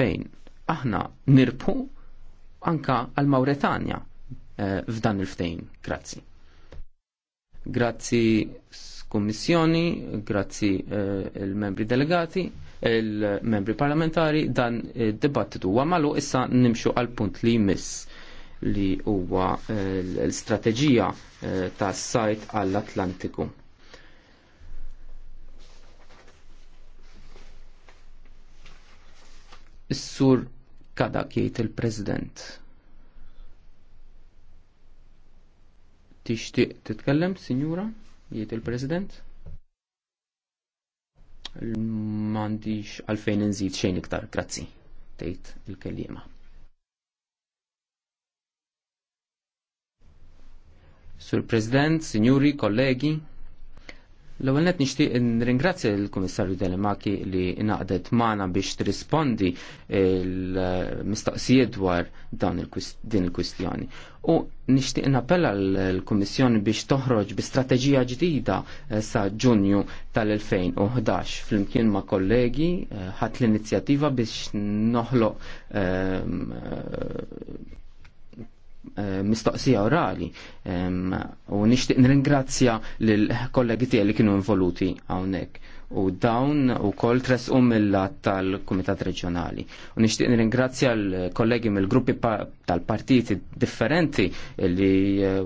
fejn aħna nirpu anka għal Mauretania eh, f'dan il-ftejn. Grazzi. Grazzi kummissjoni, grazzi eh, il-membri delegati, il-membri parlamentari, dan id-dibattitu eh, huwa malu issa nimxu għal punt li jmiss li huwa l-strateġija tas-sajt għall-Atlantiku. Is-sur Kadak jgħid il-President. Tixtieq titkellem, Sinjura? Jgħid il-President? M'għandix għalfejn inżid xejn iktar, grazzi, tgħid il-kelliema. Sur President, Sinjuri, kollegi, L-ewwel net nixtieq nringrazzja l-Kummissarju Delemaki li naqdet magħna biex trispondi l-mistoqsijiet dwar dan din il-kwistjoni. U nixtieq nappella l-Kummissjoni biex toħroġ bi strateġija ġdida eh, sa Ġunju tal-2011 flimkien ma' kollegi eh, ħadd l-inizjattiva biex noħloq eh, Eh, mistoqsija orali u nixtieq nirringrazzja l kollegi tiegħi li kienu involuti hawnhekk u dawn u kol tres mill-lat tal-Kumitat Reġjonali. U nixtieq nirringrazzja l-kollegi mill-gruppi tal-partiti differenti li eh,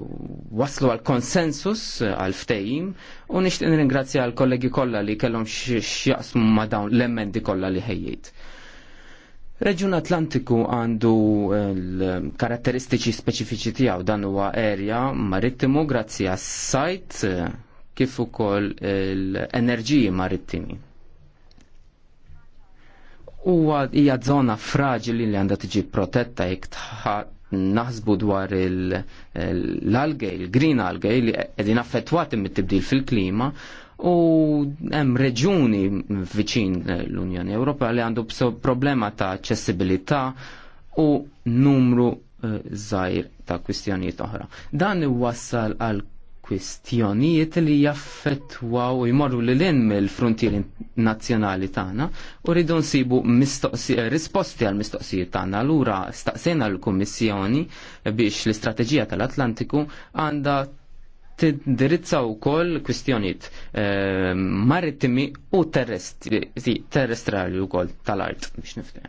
waslu għal konsensus għal ftejim u nixtieq nirringrazzja l-kollegi kollha li kellhom x'jaqsmu ma' dawn l-emendi kollha li ħejjit. Reġjun Atlantiku għandu l-karatteristiċi speċifiċi tiegħu dan huwa erja marittimu grazzi għas-sajt kif ukoll l-enerġiji marittimi. Huwa hija żona fraġili li għandha tiġi protetta jekk naħsbu dwar l-algej, il-green algej li qegħdin affettwati mit-tibdil fil-klima, u hemm reġuni viċin l-Unjoni Ewropea li għandu problema ta' aċċessibilità u numru eh, żgħir ta' kwistjonijiet oħra. Dan iwassal għal kwistjonijiet li jaffettwaw jmorru l lin mill-frontieri nazzjonali tagħna u rridu nsibu eh, risposti għal mistoqsijiet tagħna. Allura staqsejna l-Kummissjoni biex l-istrateġija tal-Atlantiku għandha tindirizza wkoll kwistjonijiet ehm, marittimi u terrestrali wkoll tal-art biex nifhem.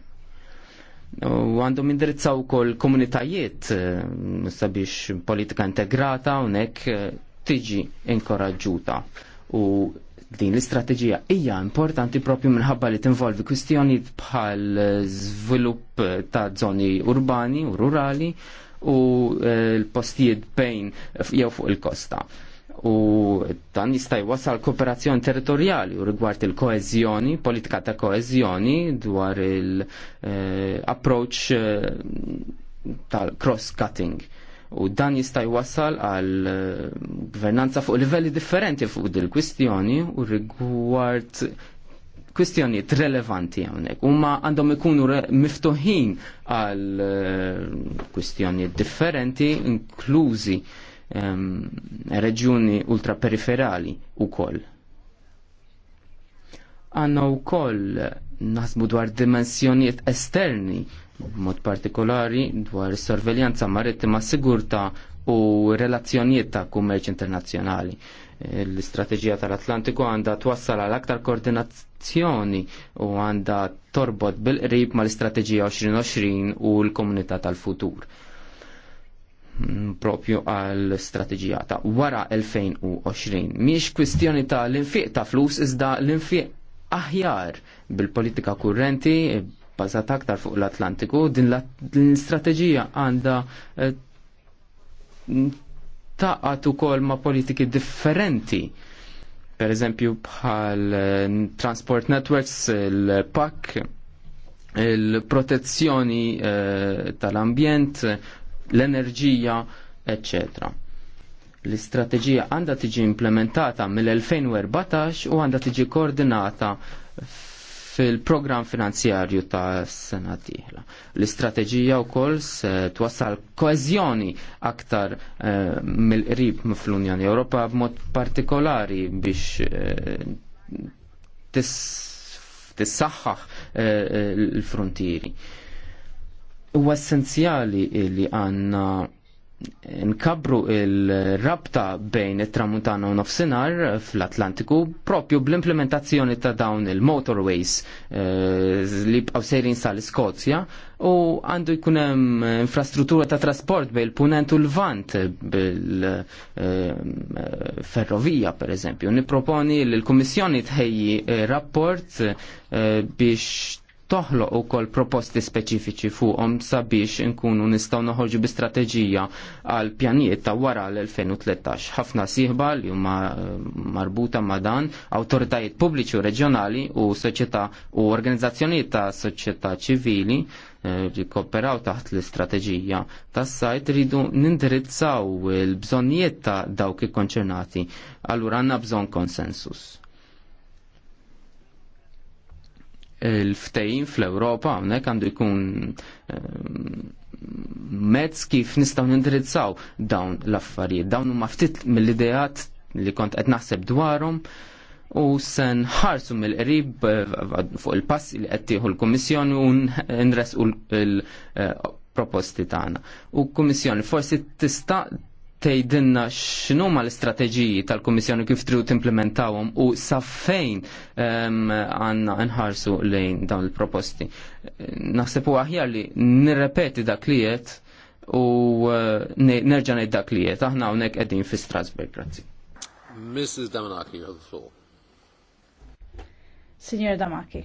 U għandhom u kol komunitajiet ehm, sabiex politika integrata unek eh, tiġi inkoraġġuta. U din l-istrateġija hija importanti propju minħabba li tinvolvi kwistjonijiet bħal żvilupp ta' zoni urbani u rurali u eh, l-postijiet bejn jew fuq il-kosta. U dan jista' jwassal kooperazzjoni territorjali u rigward il-koeżjoni, politika ta' koeżjoni dwar il-approach eh, eh, tal-cross-cutting u dan jista' jwassal għal gvernanza fuq livelli differenti fuq il kwistjoni u rigward kwistjonijiet relevanti hawnhekk huma għandhom ikunu miftuħin għal eh, kwistjonijiet differenti inklużi ehm, reġjuni ultraperiferali wkoll. Għandna wkoll naħsbu dwar dimensjonijiet esterni b'mod partikolari dwar sorveljanza marittima sigurta u relazzjonijiet ta' kummerċ internazzjonali l-istrateġija tal-Atlantiku għandha twassal għal aktar koordinazzjoni u għandha torbot bil-qrib mal-istrateġija 2020 u l-komunità tal-futur mm, propju għal strategija ta' wara 2020. Miex kwistjoni ta' l-infiq ta' flus iżda l-infiq aħjar bil-politika kurrenti bazat aktar fuq l-Atlantiku din l-istrateġija għanda eh, taqat ukoll ma' politiki differenti. Per eżempju bħal eh, Transport Networks, il-PAC, il-protezzjoni eh, tal-ambjent, l-enerġija, eccetera l-istrateġija għandha tiġi implementata mill-2014 u għandha tiġi koordinata fil-program finanzjarju ta' sena diħla. L-istrateġija u koll se twassal koezjoni aktar eh, mill-qrib fl-Unjoni Ewropa b'mod partikolari biex eh, tissaħħaħ eh, eh l-frontieri. U essenzjali li għanna nkabru il-rabta bejn it-tramuntana u nofsinar fl-Atlantiku propju bl-implementazzjoni ta' dawn il-motorways eh, li bqaw sejrin sal-Iskozja u għandu jkun hemm infrastruttura ta' trasport bejn il-punent u l-vant bil-ferrovija eh, per eżempju. Niproponi l-Kummissjoni tħejji eh, rapport biex toħloq ukoll proposti speċifiċi fuqhom sabiex nkunu nistgħu noħorġu bi strateġija għal pjanijiet ta' wara l-2013. Ħafna sieħba li huma eh, marbuta ma' dan awtoritajiet pubbliċi u reġjonali u soċjetà u organizzazzjonijiet ta' soċjetà ċivili eh, li kooperaw taħt l-istrateġija tas sajt ridu nindirizzaw il bżonnijiet ta' dawk konċernati, Allura għandna bżonn konsensus. il-ftejn fl-Ewropa hawnhekk għandu jkun ehm, mezz kif nistgħu nindirizzaw dawn l-affarijiet. Dawn huma ftit mill-ideat li kont qed naħseb dwarhom u sen ħarsu mill-qrib eh, fuq il-pass li qed tieħu l-Kummissjoni u nresqu l-proposti eh, tagħna. U Kummissjoni forsi tista' tgħidilna x'inhuma l-istrateġiji tal-Kummissjoni kif tridu timplementawhom u sa fejn ehm, għandna nħarsu lejn dawn il-proposti. Naħseb huwa aħjar li nirrepeti dak li qed u eh, nerġa' ngħid dak li qed aħna hawnhekk qegħdin fi Strasberg. Grazzi. Mrs. Damanaki, you have the floor. Signor Damaki.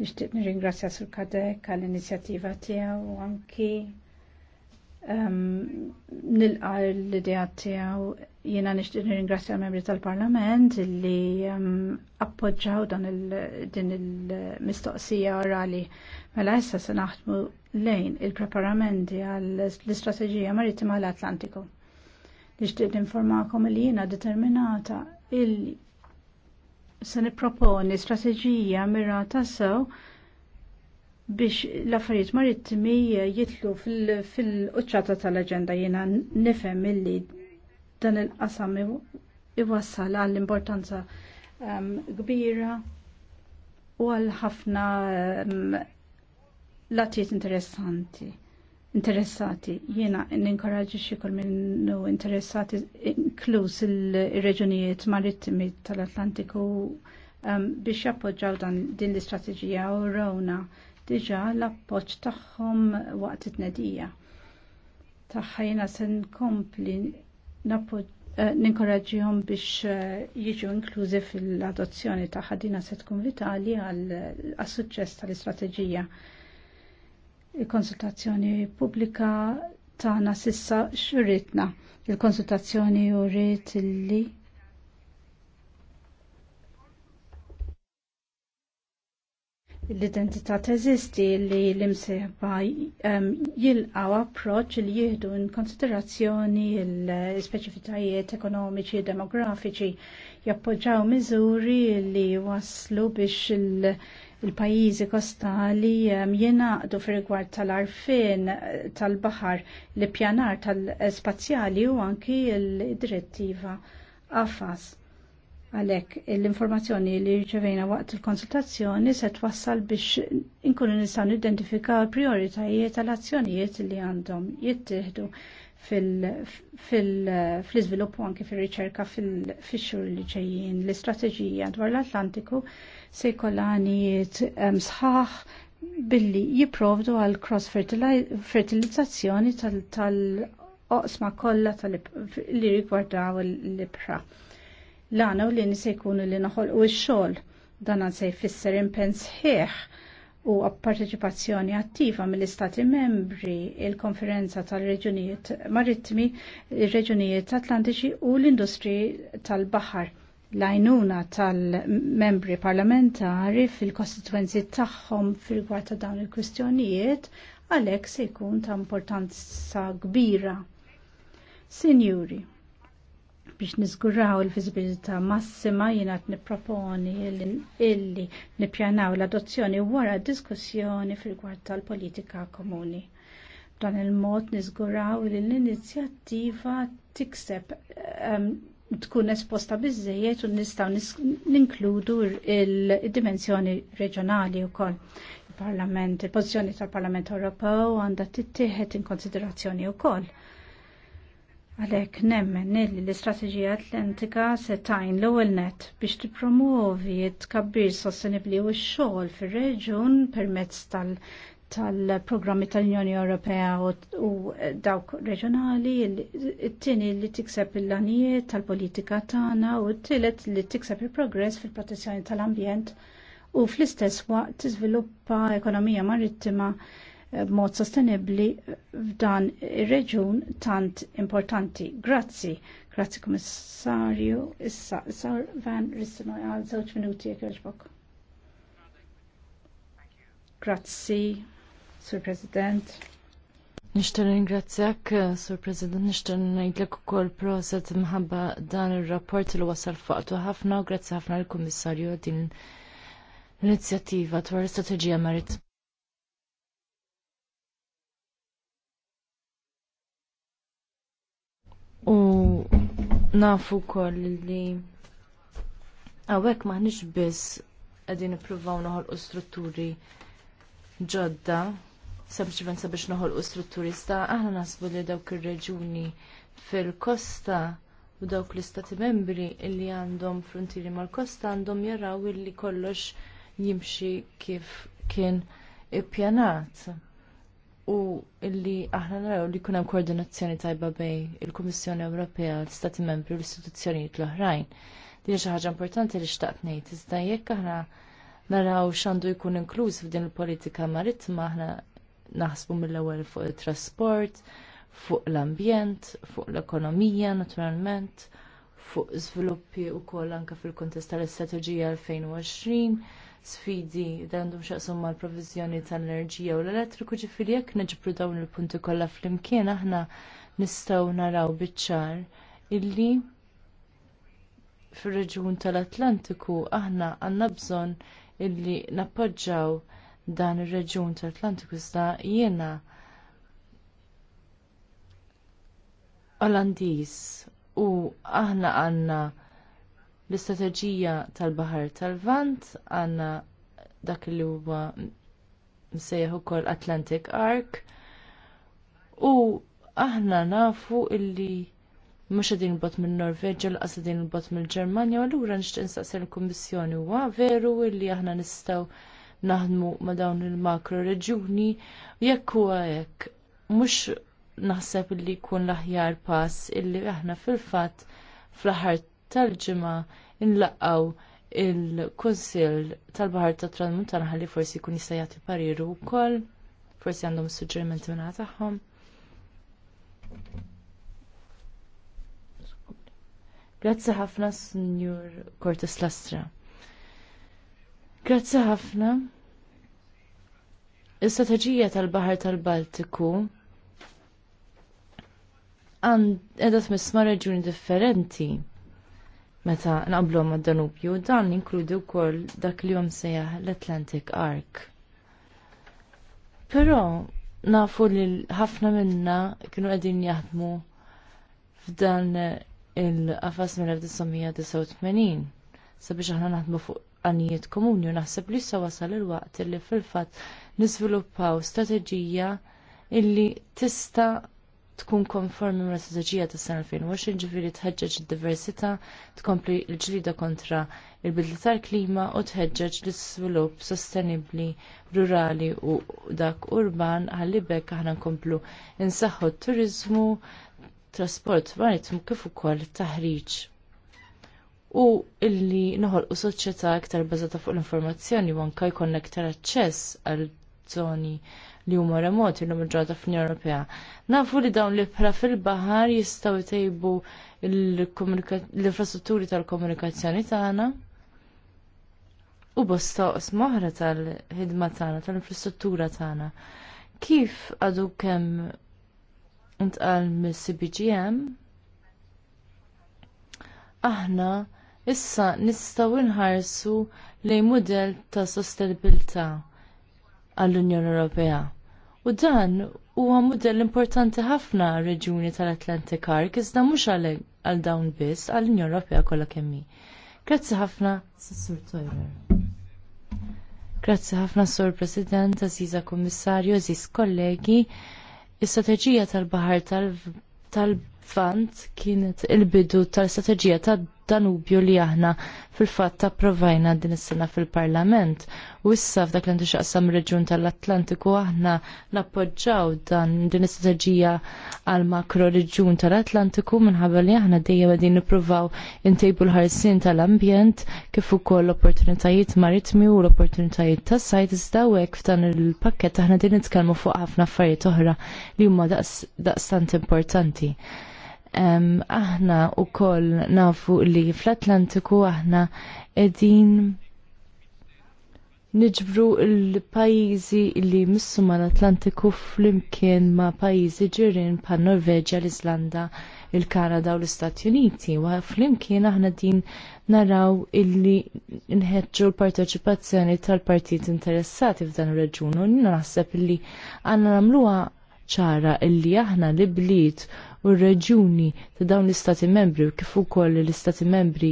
Nishtiq nirringrazzja sur kadek għall-inizjattiva tiegħu u anki nilqa l-idea tiegħu jiena nixtieq nirringrazzja l-membri tal-Parlament li appoġġaw dan din il-mistoqsija orali mela issa se naħdmu lejn il-preparamenti għall-istrateġija marittima l-Atlantiku. Nixtieq ninformakom li jiena determinata il se nipproponi strateġija mirata sew so biex l-affarijiet marittimi jitlu fil-qċata tal-agenda jena nifem illi dan il-qasam iwassal għall importanza ehm, kbira u għal ħafna ehm, latijiet interessanti interessati jena ninkoraġi xikol minnu interessati inkluż il-reġunijiet marittimi tal-Atlantiku ehm, biex jappoġġaw din l-istrateġija u rawna diġa l-appoċ tagħhom waqt it-nedija. Taħħajna se nkompli eh, ninkoraġġihom biex eh, jiġu inklużi fil-adozzjoni ta' ħadina se tkun vitali għal-suċċess tal-istrateġija. Il-konsultazzjoni pubblika tagħna sissa xurritna Il-konsultazzjoni u rrit li l-identità teżisti li l-imsieħba ehm, jilqaw approċ li jieħdu in konsiderazzjoni l-speċifitajiet ekonomiċi demografiċi jappoġġaw miżuri li waslu biex il- pajjiżi pajizi kostali ehm, jenaqdu fir rigward tal-arfin tal-bahar li pjanar tal-spazjali eh, u anki l-direttiva AFAS. Għalek, l-informazzjoni li ċevejna waqt il-konsultazzjoni se twassal biex inkunu nistgħu identifika prioritajiet tal-azzjonijiet li għandhom jittieħdu fil-izviluppu anke fil-riċerka fil-xur li ġejjin. L-istrateġija dwar l-Atlantiku se kollanijiet għanijiet ehm, sħaħ billi jiprovdu għal cross fertilizzazzjoni tal-oqsma kollha li rigwardaw l-ibra. L-għana u li nisa jkunu li naħol u xol dan għan se jfisser impens ħieħ u parteċipazzjoni attiva mill-Istati membri, il-Konferenza tal-Reġunijiet Marittimi, il-Reġunijiet Atlantiċi u l-Industri tal-Bahar. Lajnuna tal-membri parlamentari fil-kostituenzi tagħhom fil ta' dawn il-kwistjonijiet għalhekk se jkun ta' importanza kbira. Sinjuri, biex nizguraw il-viżibilità massima jiena qed nipproponi illi nippjanaw l-adozzjoni wara diskussjoni fil tal-politika komuni. Dan il-mod niżguraw li l-inizjattiva tikseb ehm, tkun esposta bizzejiet u nistaw ninkludu il-dimensjoni reġjonali u koll. Il-Parlament, il-pozizjoni tal-Parlament Ewropew għandha tittieħed in konsiderazzjoni u koll. Għalek nemmen li l-istrateġija atlantika se tajn l-ewwel net biex t tkabbir sostenibbli u x-xogħol fir-reġjun permezz tal-programmi tal-Unjoni Ewropea u dawk reġjonali, it-tieni li tikseb il-lanijiet tal-politika tagħna u t-tielet li tikseb il-progress fil-protezzjoni tal-ambjent u fl-istess waqt tiżviluppa ekonomija marittima b'mod sostenibli f'dan ir-reġun tant importanti. Grazzi, grazzi Kummissarju, issa sar Van Rissino għal żewġ minuti jekk jogħġbok. Grazzi, Sur President. Nishtar ringrazzjak, Sur President, nishtar ngħidlek ukoll proset mħabba dan ir-rapport li wasal faqtu ħafna u grazzi ħafna l-Kummissarju din l-inizjattiva dwar l-istrateġija marit nafu koll li għawek maħnix biss għedin ipruvaw u strutturi ġodda, sempliċement sabiex noħolqu strutturi sta, aħna nasbu li dawk ir-reġuni fil-kosta u dawk l-istati membri li għandhom frontieri mal-kosta għandhom jaraw li kollox jimxi kif kien ippjanat u illi aħna naraw li jkun hemm koordinazzjoni tajba bejn il-Kummissjoni Ewropea, l-Stati Membri u l-istituzzjonijiet l-oħrajn. Din xi ħaġa importanti li xtaqt ngħid, iżda jekk aħna naraw x'għandu jkun inkluż f'din il-politika marittima aħna naħsbu mill-ewwel fuq it trasport fuq l-ambjent, fuq l-ekonomija naturalment, fuq żviluppi wkoll anke fil kuntest tal-istrateġija 2020 sfidi da għandhom xaqsum mal provizjoni tal-enerġija u l-elettriku ġifiri jekk neġbru dawn il-punti kollha flimkien aħna nistgħu naraw biċ-ċar illi fir-reġjun tal-Atlantiku aħna għandna bżonn illi nappoġġjaw dan ir-reġjun tal-Atlantiku iżda jiena Olandiż u aħna għandna L-istrateġija tal-Bahar tal-Vant għandna dak li huwa msejjaħ ukoll Atlantic Arc u aħna nafu illi mhux qegħdin bot mill Norveġġa l qegħdin bot mill-Ġermanja u allura nixtieq insaqsi l-Kummissjoni huwa veru illi aħna nistgħu naħdmu ma' dawn il-makro reġuni jekk huwa hekk mhux naħseb illi jkun l-aħjar pass illi aħna fil-fatt fl-aħħar tal-ġimgħa inlaqgħu il-Kunsill tal-Baħar tat-Tramuntana ħalli forsi jkun jista' jagħti pariru wkoll, forsi għandhom suġġerimenti minn tagħhom. Grazzi ħafna, Signor Cortes Lastra. Grazzi ħafna. Is-strateġija tal-Baħar tal-Baltiku għandha tmiss tmissma reġuni differenti meta naqblu ma' Danubju, dan jinkludi wkoll dak li jom sejjaħ l-Atlantic Arc. Però nafu li ħafna minna kienu qegħdin jaħdmu f'dan il-qafas mill-1989 sabiex aħna naħdmu fuq għanijiet komuni u naħseb li issa wasal il-waqt li fil fatt niżviluppaw strateġija illi tista' tkun konformi ma' strategija ta' sena 2020 ġifiri tħeġġeġ id-diversità, tkompli l-ġlida kontra il-bidli tal-klima u tħeġġeġ l-svilupp sostenibli rurali u dak urban ħalli bekk aħna nkomplu nsaħħu t-turizmu, trasport marittim kif ukoll taħriġ u illi noħolqu soċjetà iktar bażata fuq l-informazzjoni u anke jkollna iktar aċċess għal żoni li huma remoti l-lum ġodda fl Ewropea. Nafu li dawn l-ibħra fil-bahar jistaw jtejbu l-infrastrutturi tal-komunikazzjoni tagħna. U bosta moħra tal-ħidma tagħna, tal-infrastruttura tagħna. Kif għadu kemm intqal mis cbgm Aħna issa nistgħu nħarsu lejn mudell ta' sostenibilità għall-Unjoni Ewropea. U dan huwa mudell importanti ħafna reġjuni tal-Atlantic Ark iżda mhux għal dawn biss għall-Unjoni Ewropea kollha kemm hi. Grazzi ħafna, Sur Tojer. Grazzi ħafna, Sur President, Aziza Kommissarju, Aziz kollegi. Is-strateġija tal-Bahar tal fant kienet il-bidu tal-strateġija tad Danubju li aħna fil-fatt approvajna din is-sena fil-Parlament. U issa f'dak li xaqsam reġjun tal-Atlantiku aħna nappoġġaw dan din istrateġija għal makro reġjun tal-Atlantiku minħabba li aħna dejjem qegħdin nippruvaw intejbu l-ħarsien tal-ambjent kif ukoll l-opportunitajiet maritmi u l-opportunitajiet tas-sajt iżda hekk f'dan il-pakkett aħna din nitkellmu fuq ħafna affarijiet oħra li huma daqstant importanti aħna u koll nafu li fl-Atlantiku aħna edin niġbru l-pajizi li missuma l-Atlantiku fl-imkien ma pajizi ġirin pa' Norveġa, l-Islanda, il-Kanada u l-Istati Uniti. U fl-imkien aħna din naraw illi nħedġu l-parteċipazzjoni tal partit interessati f'dan il-reġun. U naħseb illi għanna namluwa ċara illi aħna li bliet u r-reġuni ta' dawn l-istati membri u kif ukoll l-istati membri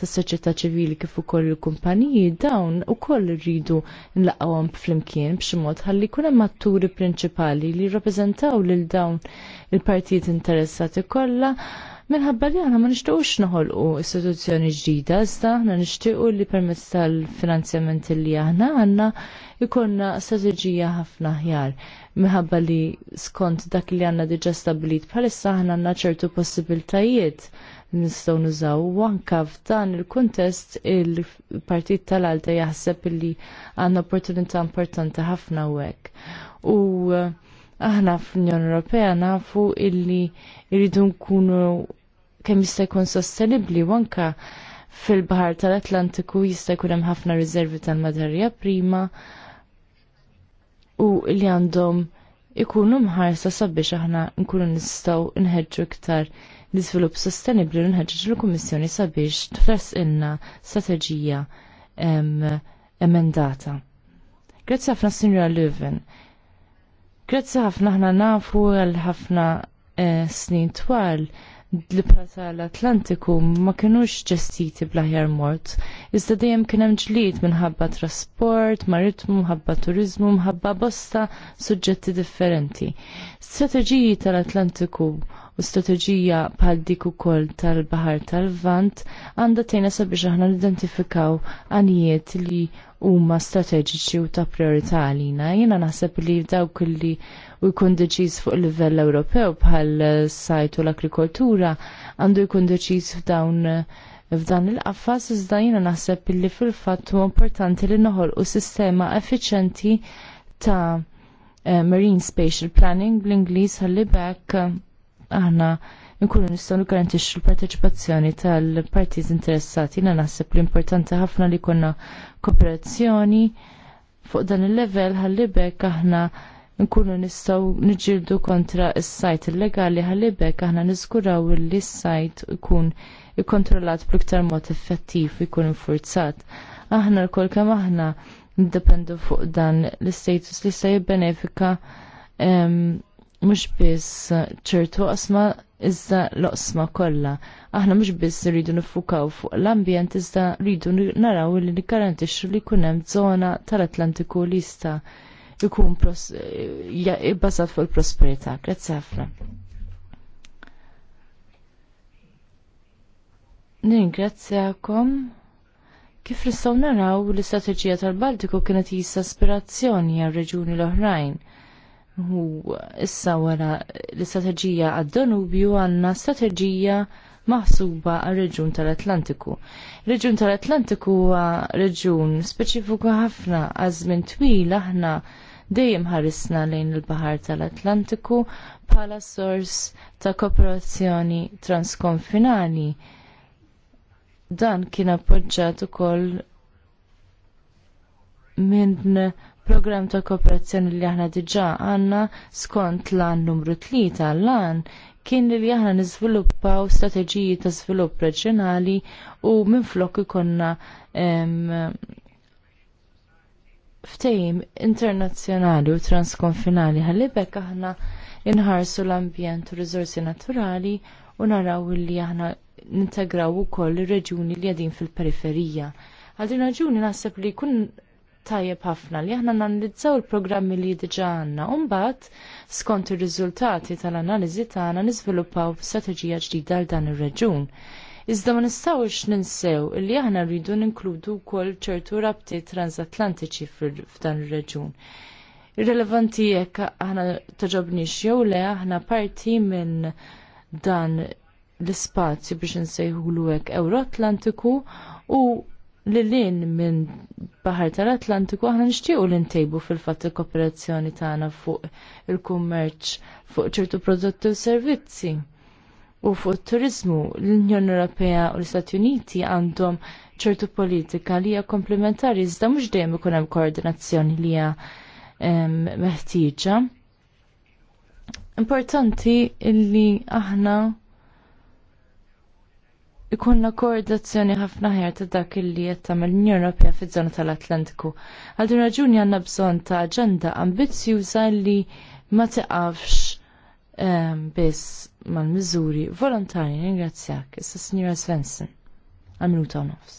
tas soċjetà ċivili kif ukoll il-kumpaniji dawn ukoll irridu nlaqgħuhom flimkien b'xi mod ħalli jkun hemm atturi prinċipali li jirrappreżentaw lil dawn il-partijiet interessati kollha minħabba li aħna ma nixtiequx noħolqu istituzzjoni ġdida, iżda aħna nixtiequ li permezz tal-finanzjament li aħna għandna ikonna strateġija ħafna aħjar minħabba li skont dak li għandna diġà stabilit bħalissa aħna għandna ċertu possibiltajiet nistgħu nużaw u anke f'dan il-kuntest il-partit tal-Alta jaħseb li għandna opportunità importanti ħafna hekk. U uh, aħna fl-Unjoni Ewropea nafu illi jridu nkunu kemm jista' jkun sostenibbli u anke fil-Bahar tal-Atlantiku jista' jkun hemm ħafna riservi tal-materja prima u li għandhom ikunu mħarsa sabiex aħna nkunu nistgħu nħedġu iktar l-iżvilupp sostenibbli u nħedġu l-Kummissjoni sabiex inna strateġija emendata. Grazzi ħafna Sinjora Löwen. Grazzi ħafna aħna nafu għal ħafna eh, snin twal l prata l-Atlantiku ma kienux ġestiti blaħjar mort. Iżda dejjem kien hemm ġlied minħabba trasport, maritmu, minħabba turizmu, minħabba bosta suġġetti differenti. Strateġiji tal-Atlantiku u strateġija bħal dik ukoll tal-Baħar tal-Vant għandha tgħinna sabiex aħna nidentifikaw għanijiet li huma strateġiċi u ta' priorità għalina. Jiena naħseb li dawk li u jkun deċiż fuq livell Ewropew bħal sajt u l-agrikoltura għandu jkun deċiż f'dawn F'dan il-qaffas iżda jiena naħseb li fil-fatt huwa importanti li noħolqu sistema effiċenti ta' eh, Marine Spatial Planning bl-Ingliż ħalli bekk aħna nkunu nistgħu nigarantixxu l-parteċipazzjoni tal-partijiet interessati. Jiena naħseb li importanti ħafna li jkollna kooperazzjoni fuq dan il-level ħallibek aħna nkunu nistgħu niġġieldu kontra s-sajt illegali ħallibek aħna niżguraw li s-sajt ikun ikkontrollat bl-iktar mod effettiv ikun infurzat. Aħna l-kol kemm aħna ndependu fuq dan l-istatus li se jibbenefika ehm, mhux biss ċertu qasma iżda l-oqsma kollha. Aħna mhux biss rridu nifukaw fuq l-ambjent iżda rridu naraw li nikkarantixxu li jkun hemm żona tal-Atlantiku li jista' jkun bbażat fuq il-prosperità. Grazzi ħafna. Ningrazzjakom. Kif nistgħu naraw l-istrateġija tal-Baltiku kienet jista' aspirazzjoni għal reġuni l-oħrajn U issa wara l-istrateġija għad-Danubju għandna strateġija maħsuba għal-reġun tal-Atlantiku. Reġun tal-Atlantiku huwa reġun speċifiku ħafna għażmin twil aħna dejjem ħarisna lejn il-Bahar tal-Atlantiku bħala sors ta' kooperazzjoni transkonfinali. Dan kien appoġġjat ukoll minn program ta' kooperazzjoni li aħna diġà għandna skont lan numru 3 lan kien li aħna niżviluppaw strateġiji ta' żvilupp reġjonali u minflok ikonna ftehim internazzjonali u transkonfinali ħallibek aħna inħarsu l-ambjent u riżorsi naturali u naraw li aħna nintegraw ukoll ir-reġjuni li għadin fil-periferija. Għal din raġuni naħseb li kun tajjeb ħafna li aħna nanalizzaw il-programmi li diġa għanna. Umbat, skont ir-riżultati tal-analiżi tagħna niżviluppaw strateġija ġdida għal dan ir-reġun. Iżda ma nistgħux ninsew li aħna rridu ninkludu wkoll ċertu rabti transatlantiċi f'dan ir-reġun. Irrelevanti jekk aħna taġobniex jew le aħna parti minn dan l-ispazju biex nsejħulu hekk Euroatlantiku u lilin minn Bahar tal-Atlantiku aħna nixtiequ li ntejbu fil-fatt il-kooperazzjoni tagħna fuq il-kummerċ fuq ċertu prodotti u servizzi. U fuq it turizmu l-Unjoni Ewropea u l-Istati Uniti għandhom ċertu politika li hija komplementari iżda mhux dejjem ikun hemm koordinazzjoni li hija meħtieġa. Importanti li aħna ikonna koordinazzjoni ħafna ħjar ta' dak li qed tagħmel l-Unjoni Ewropea fiż-żona tal-Atlantiku. Għal din raġuni għandna bżonn ta' aġenda ambizzjuża li ma tiqafx ehm, biss mal-miżuri volontarji. ringrazzjak issa Sinjura Svensson għal minuta u nofs.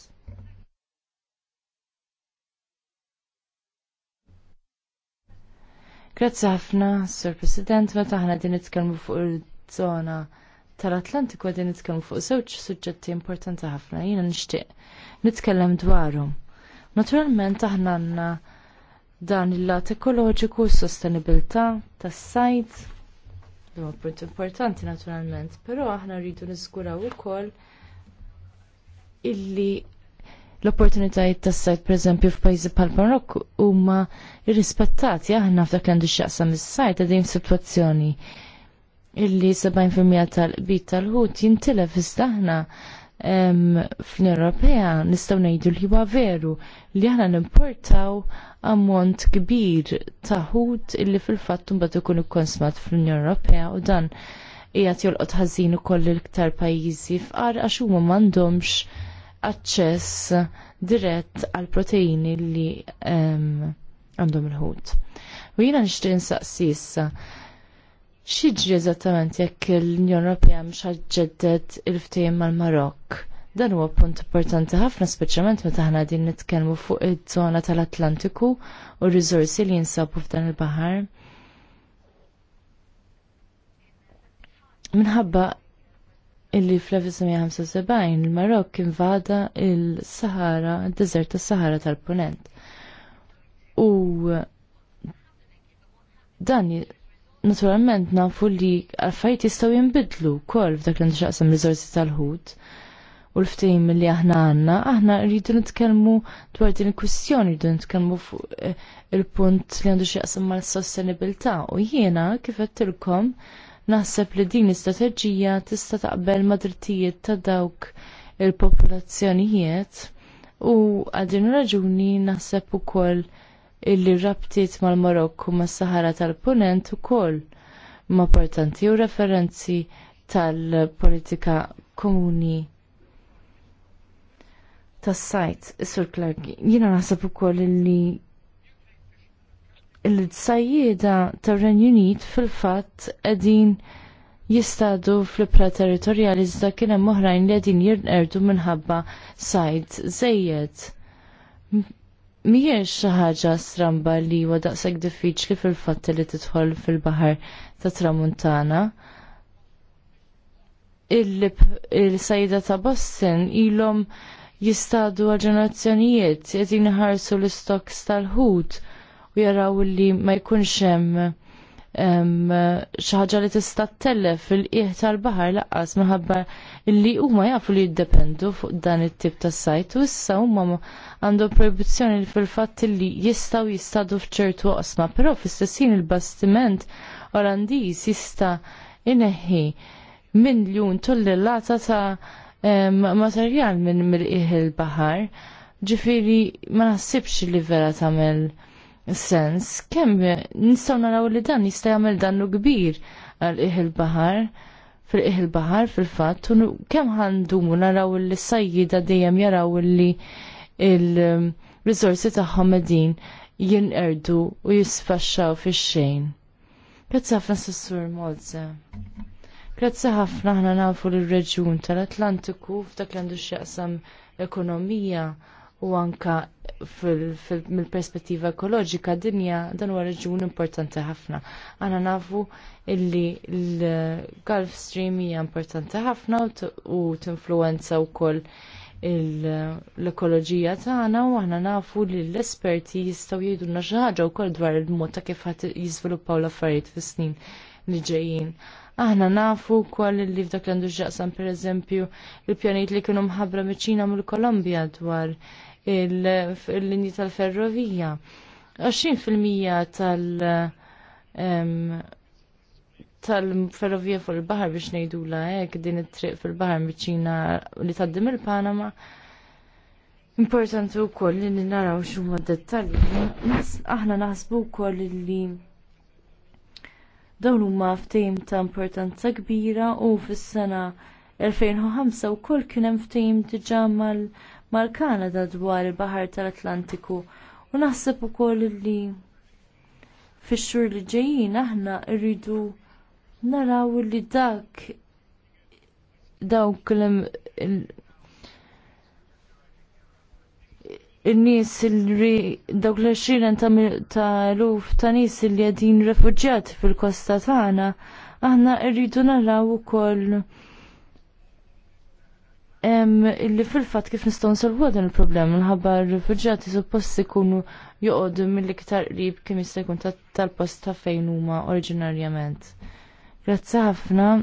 Grazzi ħafna, Sur President, meta din nitkellmu fuq il-żona tal-Atlantiku għadin nitkellmu fuq żewġ suġġetti importanti ħafna jiena nixtieq nitkellem dwarhom. Naturalment aħna għandna dan il-lat ekoloġiku s sostenibilità tas-sajt. Huwa punt importanti naturalment, però aħna rridu niżguraw ukoll illi l-opportunitajiet tas sajt pereżempju f'pajjiżi bħal Marokk huma rrispettati, aħna f'dak li għandu x'jaqsam is-sajt qegħdin f'sitwazzjoni illi 70% tal-qbit tal-ħut jintilef istaħna fl Ewropea nistgħu ngħidu li huwa veru li aħna nimportaw ammont kbir ta' ħut illi fil-fatt mbagħad ikun ikkonsmat fl-Unjoni Ewropea u dan qiegħed jolqot ħażin ukoll l-iktar pajjiżi fqar għax huma m'għandhomx aċċess dirett għal proteini li għandhom il-ħut. U jiena nixtieq insaqsi issa Xieġi eżattament jekk l-Unjoni Ewropea mhux ġeddet il-ftehim mal-Marokk. Dan huwa punt importanti ħafna speċjalment meta aħna din nitkellmu fuq iż-żona tal-Atlantiku u r-riżorsi li jinsabu f'dan il-baħar. Minħabba illi fl-1975 il-Marokk invada il-Sahara, il-Desert tas-Sahara tal-Punent. U dan naturalment nafu li għalfajt jistaw jimbidlu kol f'dak li nxaqsam rizorsi tal-ħut u l-ftejim li aħna għanna, aħna rridu nitkellmu dwar din il-kwistjoni, rridu nitkellmu fuq eh, il-punt li għandu xieqsam mal sostenibilità u jiena kif għattilkom naħseb li din l-istrateġija tista' taqbel madrittijiet ta' dawk il-popolazzjonijiet u għadin raġuni naħseb ukoll koll illi rabtiet mal-Marokku mas sahara tal-Punent ukoll ma' portanti u referenzi tal-politika komuni tas-sajt, Sur Clark, jiena naħseb ukoll illi il-sajjieda tar-Renju Unit fil-fatt qegħdin jistadu fl ipra territorjali iżda kien hemm oħrajn li qegħdin jirnerdu minħabba sajd żejjed mhijiex xaħġa ħaġa stramba li huwa daqshekk diffiċli fil-fatt li tidħol fil-baħar ta' Tramuntana. Il-sajda ta' Boston ilhom jistadu għal ġenerazzjonijiet qed jinħarsu l-istoks tal-ħut u jaraw li ma jkunx hemm xaħġa li tista' tellef fil-qieħ tal-baħar laqqas minħabba li huma jafu li jiddependu fuq dan it-tip ta' sajt u issa huma għandhom proibizzjoni fil-fatt li jistgħu jistadu f'ċertu oqsma, però fl-istessin il-bastiment Olandiż jista' ineħħi miljun tonnellata ta' materjal minn mill-qieħ il-baħar. Ġifieri ma naħsibx li vera tagħmel sens, kemm nistgħu naraw li dan jista' jagħmel dannu kbir għal iħil baħar fil-iħil baħar fil-fatt u kemm għandu naraw li sajjida dejjem jaraw li il rizorsi tagħhom qegħdin jinqerdu u jisfaxxaw fix-xejn. Grazzi ħafna Sissur Molze. Grazzi ħafna ħna nafu l-reġjun tal-Atlantiku f'dak li għandu x'jaqsam ekonomija u anka mill-perspettiva ekoloġika dinja dan huwa reġun importanti ħafna. Għana nafu illi l-Gulf Stream hija importanti ħafna u tinfluwenza wkoll l-ekoloġija tagħna u aħna nafu li l-esperti jistgħu jgħidulna xi ħaġa wkoll dwar il-mod ta' kif ħadd jiżviluppaw l-affarijiet fis-snin li ġejjin. Aħna nafu wkoll li f'dak l-għandu ġaqsam per eżempju il-pjaniet li kienu mħabra meċina mill kolumbja dwar il-linji tal-ferrovija. 20% tal- tal-ferrovija fuq il-bahar biex ngħidula hekk din it-triq fil-bahar miċina li taddim il-Panama. Importanti wkoll li naraw x'huma dettalji. Aħna naħsbu wkoll li dawn huma ftehim ta' importanza kbira u fis-sena 2005 wkoll kien hemm ftehim diġà mal- mal-Kanada dwar il-Baħar tal-Atlantiku u naħseb ukoll li fix-xhur li ġejjin aħna rridu naraw li dak dawk il-nies li dawk l-20 ta' luf ta' nies li għadin refuġjati fil-kosta tagħna aħna rridu naraw ukoll illi fil-fat kif nistgħu nsolvu dan il-problem minħabba r-rifuġjati suppost ikunu joqogħdu mill-iktar qrib rib jista' jkun tal-post ta' fejn huma oriġinarjament. Grazzi ħafna,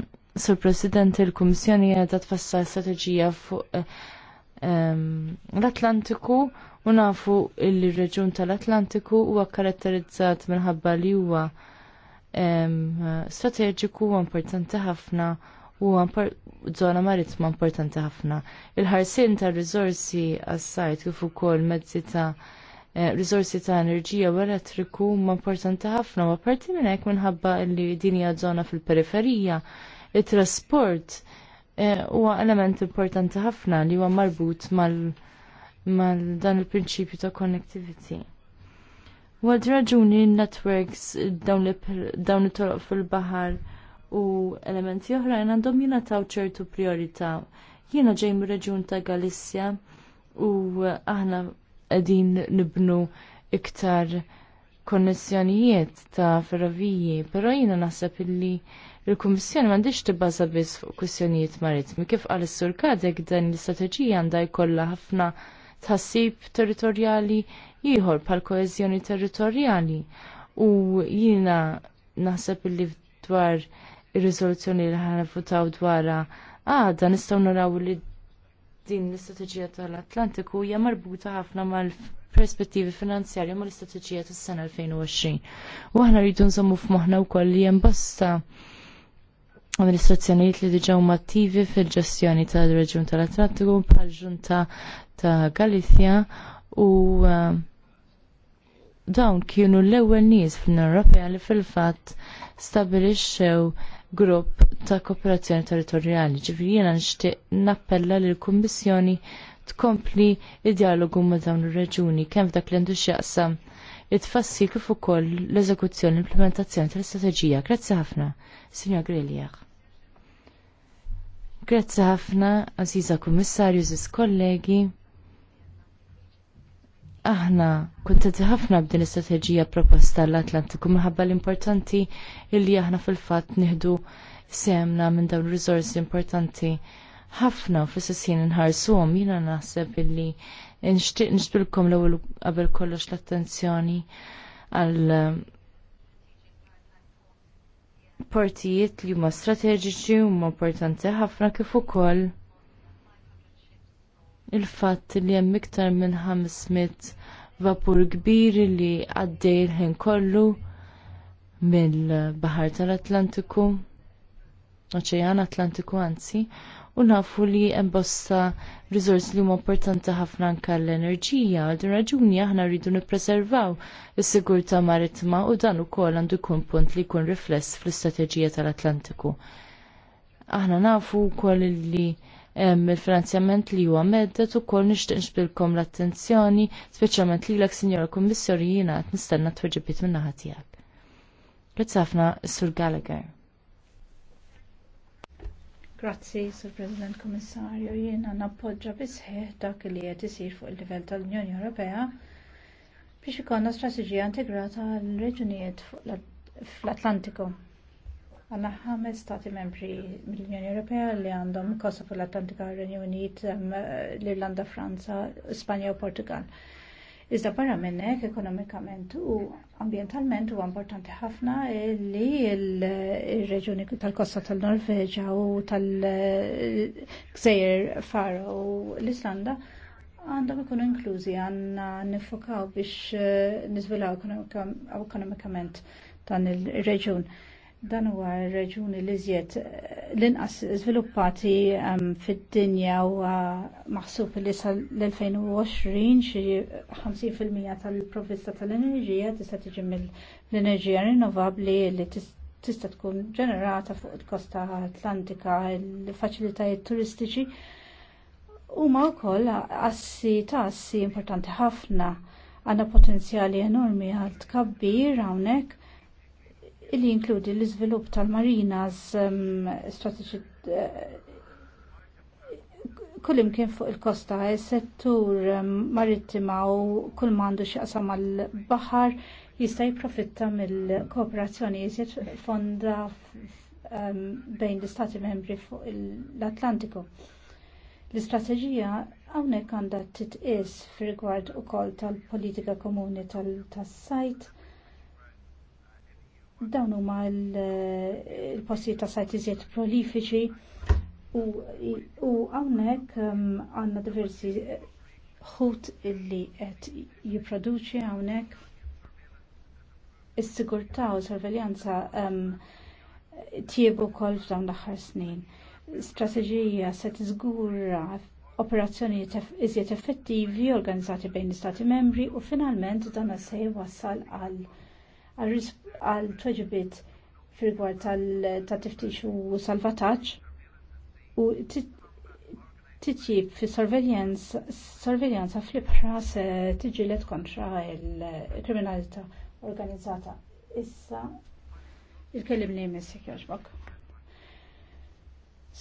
Sur President il-Kummissjoni qiegħda tfassar strateġija fuq l-Atlantiku u nafu illi r-reġun tal-Atlantiku huwa karatterizzat minħabba li huwa strateġiku u importanti ħafna Huwa żona marittima importanti ħafna. Il-ħarsin ta' riżorsi għas-sajt kif ukoll mezzi ta' eh, rizorsi ta' enerġija u elettriku huma importanti ħafna, ma parti minn hekk minħabba li din hija żona fil-periferija, it-trasport eh, huwa element importanti ħafna li huwa marbut mal, dan il-prinċipju ta' connectivity. Għad raġuni n-networks dawn it toloq fil-baħar u elementi oħrajn għandhom jingħataw ċertu prijorità. Jiena ġej mir-reġjun ta' Galissja u aħna qegħdin nibnu iktar konnessjonijiet ta' ferroviji, però jiena naħseb illi il-Kummissjoni m'għandix tibbaża biss fuq kwistjonijiet maritmi kif qal is-Sur Kadek dan l-istrateġija għandha jkollha ħafna tħassib territorjali ieħor bħal koeżjoni territorjali. U jiena naħseb illi dwar ir-riżoluzzjoni li ħana dwar ah, dan nistgħu naraw li din l-istrateġija tal-Atlantiku hija marbuta ħafna mal-perspettivi ma mal istrateġija tas-sena 2020. U aħna rridu nżommu f'moħħna wkoll li hemm bosta amministrazzjonijiet li diġà huma attivi fil-ġestjoni tal-Reġjun tal-Atlantiku bħal ġunta ta' Galizja u eh, dawn kienu l-ewwel nies fl-Ewropea li fil-fatt stabilixxew grupp ta' kooperazzjoni territorjali. Ġifiri jiena nixtieq nappella lill kummissjoni tkompli id-dialogu ma' dawn ir-reġuni kemm dak li għandu x'jaqsam it fassi kif ukoll l-eżekuzzjoni l-implementazzjoni tal-istrateġija. Grazzi ħafna, Signor Griljak. Grazzi ħafna, Aziza Kummissarju, Ziz kollegi. Aħna kuntenti ħafna b'din l-istrateġija proposta l-Atlantiku minħabba l-importanti illi aħna fil-fatt nieħdu semna minn dawn riżorsi importanti ħafna u fis-sissin nħarsuhom jiena naħseb illi nixtieq nixtilkom l-ewwel qabel kollox l-attenzjoni għal eh, partijiet li huma strateġiċi huma importanti ħafna kif ukoll il-fatt li hemm iktar minn 500 vapur kbir li għaddej ħin kollu mill-Baħar tal-Atlantiku, Oċean Atlantiku anzi, u nafu li hemm bosta riżors li huma importanti ħafna anke l-enerġija, għal din raġuni aħna rridu nippreservaw is-sigurtà marittima u dan ukoll għandu jkun punt li jkun rifless fl-istrateġija tal-Atlantiku. Aħna nafu wkoll li il-finanzjament li huwa meddet ukoll nixtieq nixbilkom l-attenzjoni, speċjalment lilek Sinjora Kummissarju jiena qed nistenna tweġibiet minn naħa tiegħek. Grazzi ħafna Sur Gallagher. Grazzi, Sur President Kommissarju. jiena nappoġġa bisħeħ dak li qed isir fuq il-livell tal-Unjoni Ewropea biex ikollna strateġija integrata għal reġunijiet fl-Atlantiku. Għanna ħames stati membri mill-Unjoni Ewropea li għandhom Kosovo l-Atlantika Renju Unit, ehm, l-Irlanda, Franza, Spanja u Portugal. Iżda barra minnek ekonomikament u ambientalment u importanti ħafna li il reġjuni tal-Kosta tal-Norveġa u tal-Gżejjer Faro u l-Islanda għandhom ikunu inklużi għanna nifokaw biex eh, nizvilaw ekonomikament dan il-reġun. il reġjun il Dan huwa r-reġuni li żjed l-inqas żviluppati ehm, fid-dinja huwa maħsub li sal-2020 xi 50% tal-provvista tal-enerġija tista' tiġi mill-enerġija rinnovabbli li tista' tkun ġenerata fuq il-kosta Atlantika, il-faċilitajiet turistiċi huma wkoll assi ta' assi importanti ħafna għandha potenzjali enormi għal tkabbir hawnhekk illi jinkludi l-iżvilupp tal-marinas ehm, strateġi eh, kullim kien fuq il-kosta, settur ehm, marittima u kull mandu xaqsam għal-bahar jista' jipprofitta mill-kooperazzjoni jizjed fonda ehm, bejn l-Istati membri fuq l-Atlantiku. L-istrateġija hawnhekk għandha titqies fir-rigward ukoll tal-politika komuni tal-sajt. tal politika komuni tas sajt Dawn huma l-postijiet ta' sajt iżjed prolifiċi u hawnhekk um, għandna diversi ħut illi qed jipproduċi hawnhekk is-sigurtà u sorveljanza um, tiebu wkoll f'dawn l-aħħar snin. Strateġija se tiżgura operazzjonijiet iżjed effettivi organizzati bejn l istati membri u finalment dan se jwassal għal għal tweġibit fil-gwar tal-tiftix u salvataċ u titjib fi sorveljanza fl-ibħra se tiġilet kontra il-kriminalità organizzata. Issa, il-kellim li jmessi kjoġbok.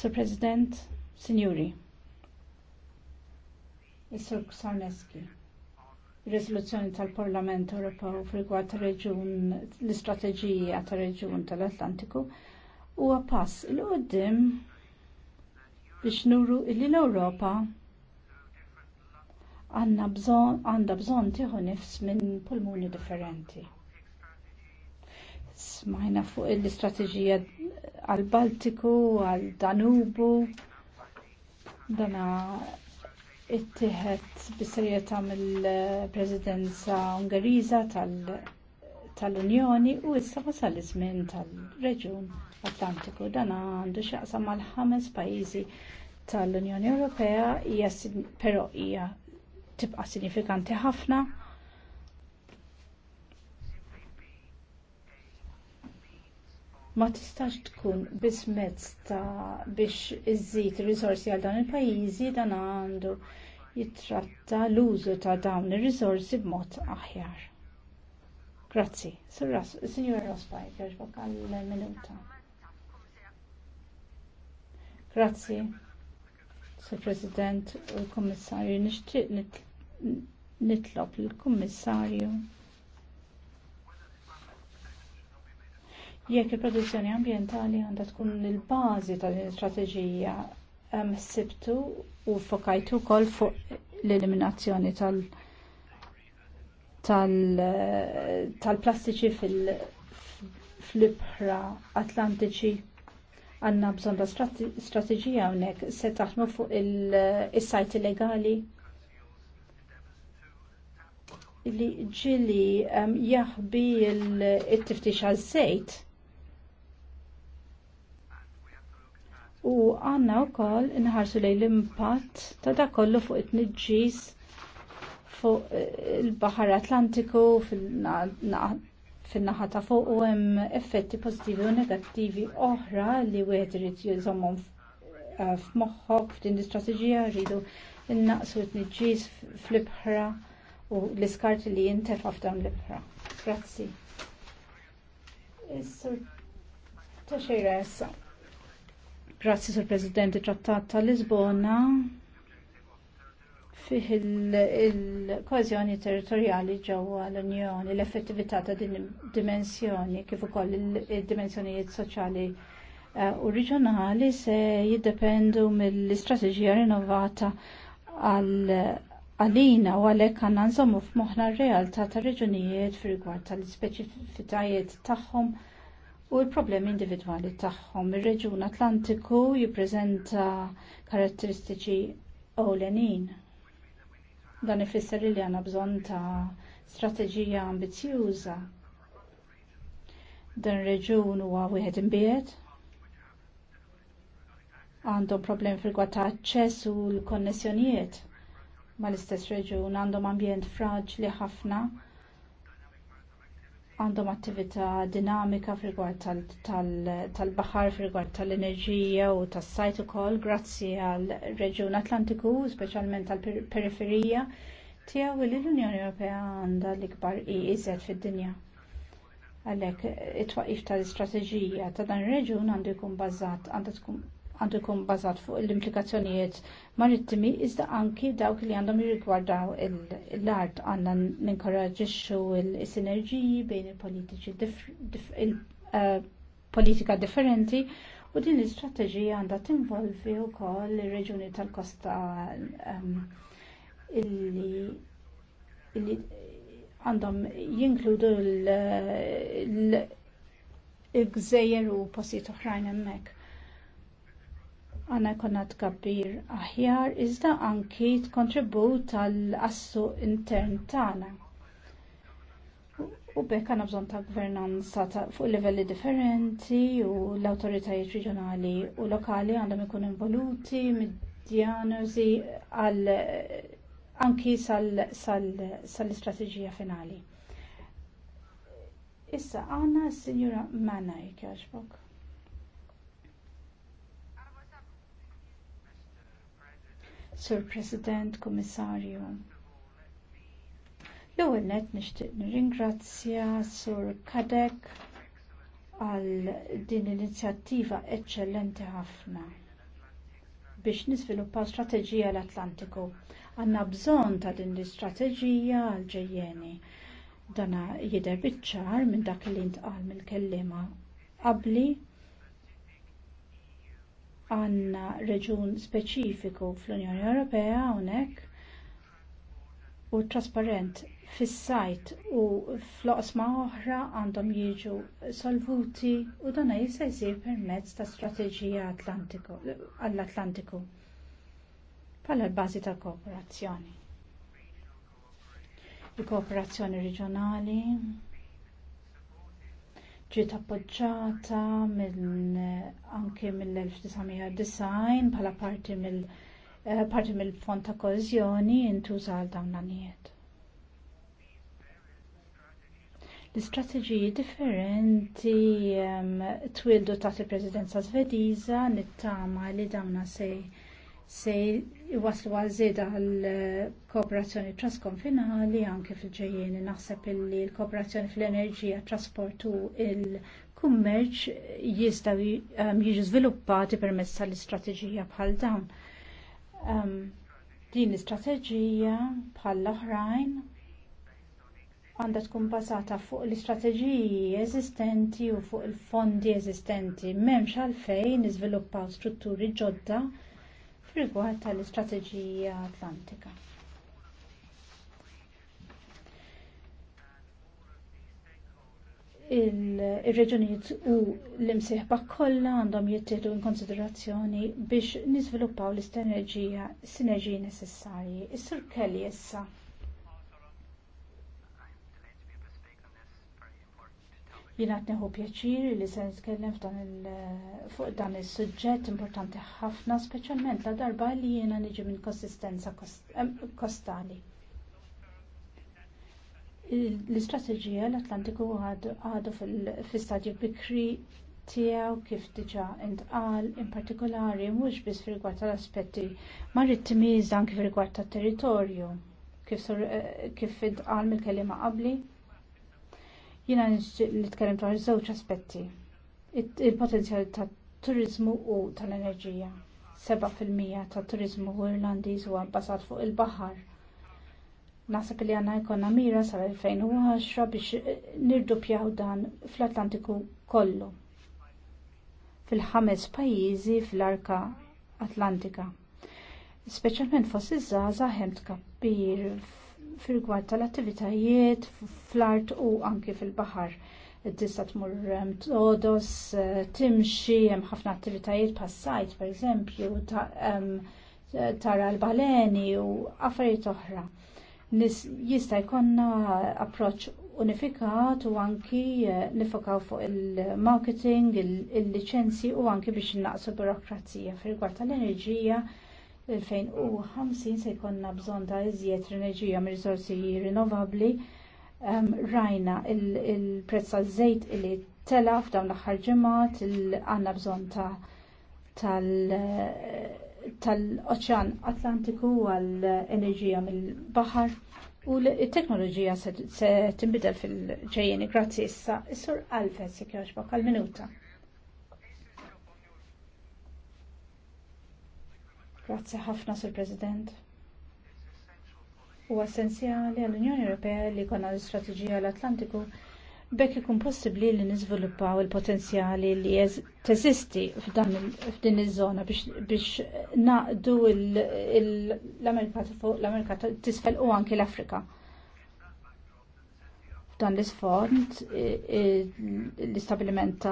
Sir President, Signori, Sir Sarneski. Risoluzzjoni tal-Parlament Ewropew fil-gwad reġun l-istrateġija tar reġun tal-Atlantiku huwa pass il qoddim biex nuru illi l-Ewropa għandna bżonn għandha bżonn tieħu nifs minn pulmuni differenti. Smajna fuq l-istrateġija għal-Baltiku, għal-Danubu, dana ittieħed bis-serjetà mill-Presidenza Ungeriża tal-Unjoni u issa wasal iż-żmien tal-Reġjun Atlantiku. Dan għandu x'jaqsam mal-ħames pajjiżi tal-Unjoni Ewropea hija però hija tibqa' sinifikanti ħafna ma tistax tkun biss mezz ta' biex iżżid risorsi għal dan il-pajjiżi dan għandu jittratta l-użu ta' dawn ir-risorsi b'mod aħjar. Grazzi. Signor Rospaj, għaxbak għal-minuta. Grazzi. Sir President u l-Kommissarju, nixtieq nitlob lill kummissarju Jekk il-produzzjoni ambjentali għandha tkun il-bażi tal-istrateġija hemm sibtu u fokajtu wkoll fuq l-eliminazzjoni tal- tal-plastiċi tal plastiċi fil- fl ibħra atlantiċi għanna bżon ta' strateġija hawnhekk se taħmu fuq il-sajt illegali li ġili jaħbi jahbi il-tiftix għal-zejt u għanna u koll inħarsu lej l-impatt ta' da' kollu fuq it-nġis fuq eh, il-Bahar Atlantiku fin-naħa ta' fuq u hemm effetti pożittivi u negattivi oħra li wieħed irid jżommhom eh, f'moħħok f'din l-istrateġija rridu innaqsu t-nġis fl-ibħra u l-iskarti li jintefa f'dawn l-ibħra. Grazzi. Is-sur ta' xejra issa. Grazzi sur Presidenti Trattat ta' Lisbona fih il-kohezjoni il territorjali ġewwa l-Unjoni, l-effettività ta' din dimensjoni kif ukoll id-dimensjonijiet soċjali eh, u uh, reġjonali se jiddependu mill-istrateġija rinnovata għalina u għalhekk għandna nżommu f'moħħna r-realtà ta' reġunijiet fir tal-ispeċifitajiet tagħhom u l-problemi individwali tagħhom. Ir-Reġjun Atlantiku jippreżenta karatteristiċi ewlenin. Dan ifisser li għandna bżonn ta' strateġija ambizjuża. Dan ir-reġjun huwa wieħed imbiet għandhom problemi fil-gwad ta' aċċess u l-konnessjonijiet mal-istess reġun għandhom ambjent fraġli ħafna għandhom attività dinamika fil tal baħar fil tal-enerġija u tas-sajt ukoll grazzi għal reġjun Atlantiku, speċjalment għall periferija tiegħu li l-Unjoni Ewropea għandha l-ikbar iżed e fid-dinja. Għalhekk it-twaqif tal-istrateġija ta' dan ir-reġjun għandu jkun bbażat għandha tkun għandu jkun bazat fuq l-implikazzjonijiet marittimi iżda anki dawk li għandhom jirrigwardaw l-art għandna ninkoraġixxu l-sinerġiji bejn il-politiċi il-politika eh, differenti u din l-istrateġija għandha tinvolvi wkoll ir-reġuni tal-kosta ehm, illi għandhom jinkludu l-gżejjer u postijiet oħrajn hemmhekk għanna jkonna tkabbir aħjar, iżda anki tkontribut tal assu intern tagħna. U bekk għanna bżon ta' gvernanza fuq livelli differenti u l-autoritajiet reġjonali u lokali għandhom ikun involuti mid-diagnosi għal anki sal-istrateġija finali. Issa għanna s-Sinjura Manaj Sur President, Komissarju. L-ewwel nett nixtieq nirringrazzja Sur Kadek għal din l-inizjattiva eċċellenti ħafna biex nisviluppaw strateġija l-Atlantiku. Għanna bżon ta' din l-istrateġija għal-ġejjeni. Dana jider biċċar minn dak li intqal mill-kellima qabli għanna reġun speċifiku fl-Unjoni Ewropea hawnhekk u trasparent fis-sajt u fl-oqsma oħra għandhom jiġu solvuti u dan jista' jsir permezz ta' strateġija għall-Atlantiku bħala l-bażi tal kooperazzjoni. Il-kooperazzjoni reġjonali ġiet appoġġata anke mill-1990 bħala parti mill eh, parti mill-fond ta' kożjoni intuża għal dawn l-għanijiet. L-istrateġiji differenti ehm, twildu taħt il-Presidenza Svediża nittama li dawna se se jwaslu għal zeda għal eh, kooperazzjoni trasconfinali anke fil-ġejjeni naħseb illi l-kooperazzjoni fl-enerġija, trasportu il-kummerċ jistaw ehm, jiġu żviluppati permezz tal-istrateġija bħal dawn. Ehm, din l-istrateġija bħal l-oħrajn għandha tkun bażata fuq l-istrateġiji eżistenti u fuq il-fondi eżistenti. M'hemmx għalfejn iżviluppaw strutturi ġodda rigward tal-Istrateġija Atlantika. il-reġunijiet u l-imsieħba kollha għandhom jittieħdu in konsiderazzjoni biex niżviluppaw l-istenerġija sinerġiji necessarji. Is-Sur Kelly issa. Jina t-neħu pjaċir li se nitkellem fuq dan il-sujġet importanti ħafna, specialment la darba li jena niġi minn konsistenza kostali. L-istrateġija l-Atlantiku għadu fil-stadju bikri tiegħu kif diġà intqal in partikolari mhux biss firigward rigward tal-aspetti marittimi iżda anke fil-rigward tat-territorju kif eh, intqal mill kelima qabbli Jina nitkellem tkellem dwar żewġ aspetti. Il-potenzjal ta' turizmu u tal-enerġija. 7% ta' turizmu Irlandiż huwa bbażat fuq il-baħar. Nasab li għanna jkonna mira sal-2010 biex eh, nirdupjaw dan fl-Atlantiku kollu. Fil-ħames pajjiżi fl-arka Atlantika. Speċjalment fost iż-żaza hemm tkabbir fil-gwad tal-attivitajiet fl-art u anki fil-bahar. Tista' tmur ehm, todos, eh, timxi, hemm ħafna attivitajiet pas-sajt, per eżempju, ehm, tara l-baleni u affarijiet oħra. Jista' jkollna approċċ unifikat u anki eh, nifokaw fuq il-marketing, il-licenzi u anki biex naqsu burokrazija fil-gwad tal-enerġija l-2050 se jkollna bżonn ta' iżjed enerġija minn risorsi rinnovabbli. Um, rajna il-prezz il tal-żejt li tela f'dawn l-aħħar ġimgħat għandna bżonn ta' tal-Oċean tal Atlantiku għall enerġija mill-baħar u l-teknoloġija se tinbidel fil-ġejjeni. Grazzi issa, is-sur Alfes jekk jogħġbok għal-minuta. Grazzi ħafna, Sur President. U essenzjali għall-Unjoni Ewropea li konna l-istrateġija l-Atlantiku bekk ikun possibbli li niżviluppaw il-potenzjali li teżisti f'din iż-żona biex naqdu l-Amerika tisfel u anki l-Afrika dan l-isfond l-istabiliment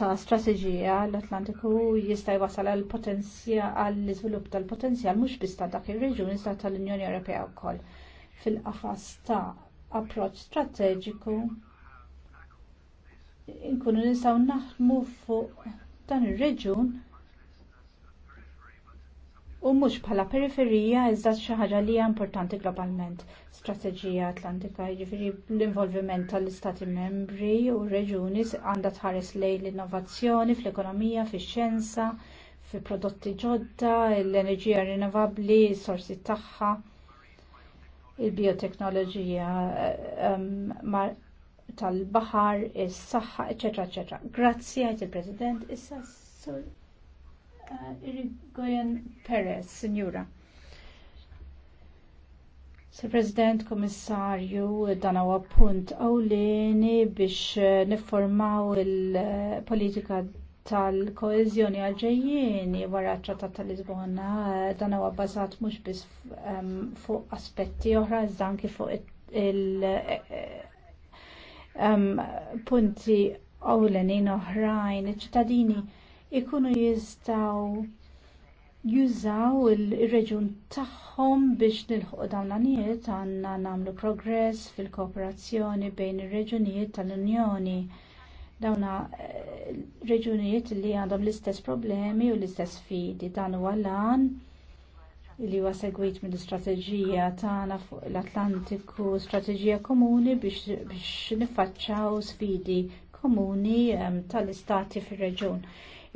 ta' strategija l-Atlantiku jista' jwasal għal potenzja għall iżvilupp tal-potenzjal mhux biss ta' dak ir-reġjun iżda tal-Unjoni Ewropea wkoll fil-qafas ta' approċċ strateġiku inkunu nistgħu naħdmu fuq dan ir-reġjun u mhux bħala periferija iżda xi ħaġa li hija importanti globalment. Strateġija Atlantika jiġifieri l-involviment tal-Istati Membri u reġuni għandha tħares lejn l-innovazzjoni fl-ekonomija, fix-xjenza, fi prodotti ġodda, l-enerġija rinnovabbli, s-sorsi tagħha, il-bioteknoloġija um, tal-baħar, is-saħħa, eċetera, eċetera. Grazzi għajt il-President, issa sur Irigoyen Perez, Signora. Sir President, Komissarju, dan huwa punt Ewleni biex niformaw il-politika tal-koezjoni għalġejjieni wara ċ-Ċatat tal-Lisbona dan huwa bbażat mhux biss ehm, fuq aspetti oħra iżda anke fuq il- ehm, punti ewlenin oħrajn, iċ-ċittadini ikunu jistaw jużaw il-reġun tagħhom biex nilħuq dawn l-għaniet għanna namlu progress fil-kooperazzjoni bejn ir-reġunijiet tal-Unjoni. Dawna eh, reġunijiet li għandhom l-istess problemi u l-istess fidi dan huwa lan li huwa segwit mill-istrateġija tagħna fuq l-Atlantiku, strateġija komuni biex, biex nifaċċaw sfidi komuni ehm, tal-istati fir-reġun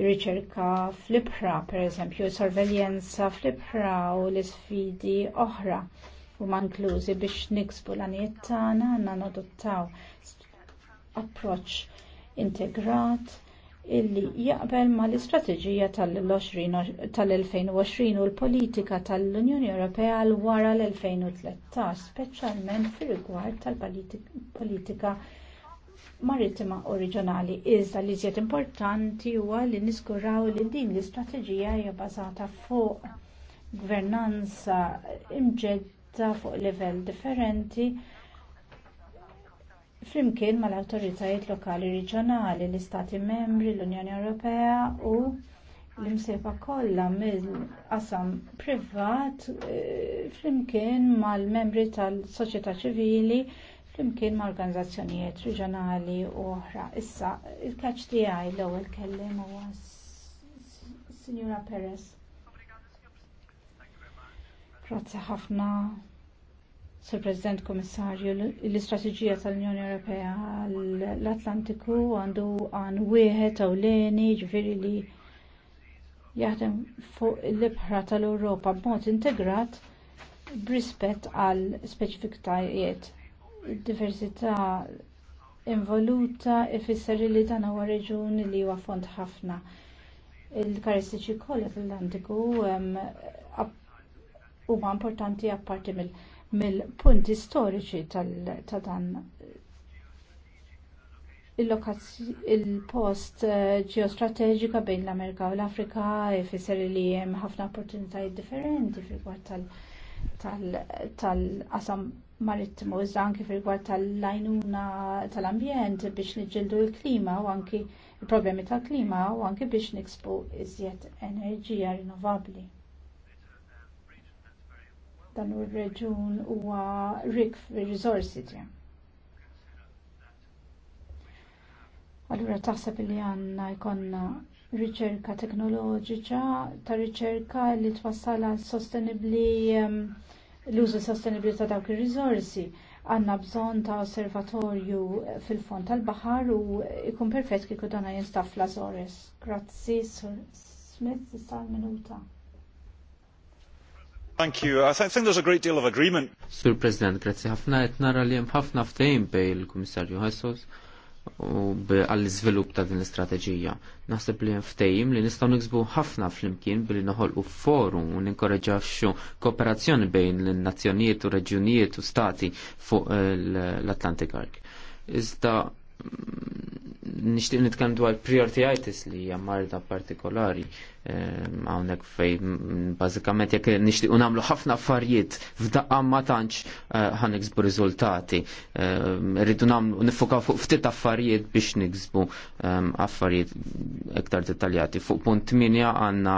ir-riċerka fl-ibħra, pereżempju, sorveljenza fl-ibħra u l isfidi oħra huma inklużi biex niksbu l-għaniet tagħna għandna nadottaw approċċ integrat illi jaqbel mal istrateġija tal-2020 u l-politika tal-Unjoni Ewropea l wara l-2013, speċjalment fir rigward tal-politika marittima u reġjonali. Iżda li żjed importanti huwa li niskuraw li din l-istrateġija hija bbażata fuq gvernanza imġedda fuq livell differenti flimkien mal awtoritajiet lokali reġjonali, l-Istati membri, l-Unjoni Ewropea u l-imsejfa kollha mill-qasam privat eh, flimkien mal-membri tal-soċjetà ċivili flimkien ma' organizzazzjonijiet reġjonali u oħra. Issa, il-kaċ tiegħi l-ewwel kelliem huwa Signora Perez. Grazzi ħafna, Sir President Komissarju, l-istrateġija tal-Unjoni Ewropea l-Atlantiku għandu għan wieħed ewleni ġifieri li jaħdem fuq l-ibħra tal-Ewropa b'mod integrat b'rispett għal speċifitajiet diversità involuta ifisser li dan huwa reġun li huwa font ħafna. Il-karistiċi kollha fil-Atlantiku huma importanti apparti mill-punti storiċi ta' dan il-post eh, ġeostrateġika bejn l-Amerika u l-Afrika ifisser li hemm ħafna opportunitajiet differenti fil-kwad tal- tal-qasam marittimu iżda anki fil-gwar tal-lajnuna tal-ambjent biex niġġildu l-klima u anki il-problemi tal-klima u anki biex niksbu iżjed enerġija rinnovabli. Dan u reġun huwa rik fil-rizorsi tiegħu. Allura taħseb li għanna jkonna riċerka teknoloġiċa, ta' riċerka li twassal għal sostenibli ehm, l-użu sostenibli ta' dawk ir rizorsi għanna bżon ta' osservatorju fil-fond tal-bahar u ikun perfett kiku dana jinstaf la zores. Grazzi, Sir Smith, issa minuta. Thank you. I think there's a great deal of agreement. Sir President, grazzi ħafna, etnara nara li jem ħafna ftejn bej il-Komissarju Hessos u għall-iżvilupp ta' din l-istrateġija. Naħseb li ftejim li nistgħu niksbu ħafna flimkien billi noħolqu forum u ninkoraġġaxxu kooperazzjoni bejn l-nazzjonijiet u reġjunijiet u stati fuq eh, l-Atlantic Ark. Iżda mm, nixtieq nitkellem dwar priorititis li hija marda partikolari għawnek fej mm, bazikament jek nishtiqu unamlu ħafna affarijiet f'daqqa ma tantx eh, ħan iksbu riżultati. Rridu namlu nifuka fuq ftit affarijiet biex niksbu affarijiet iktar detaljati. Fuq punt minja għanna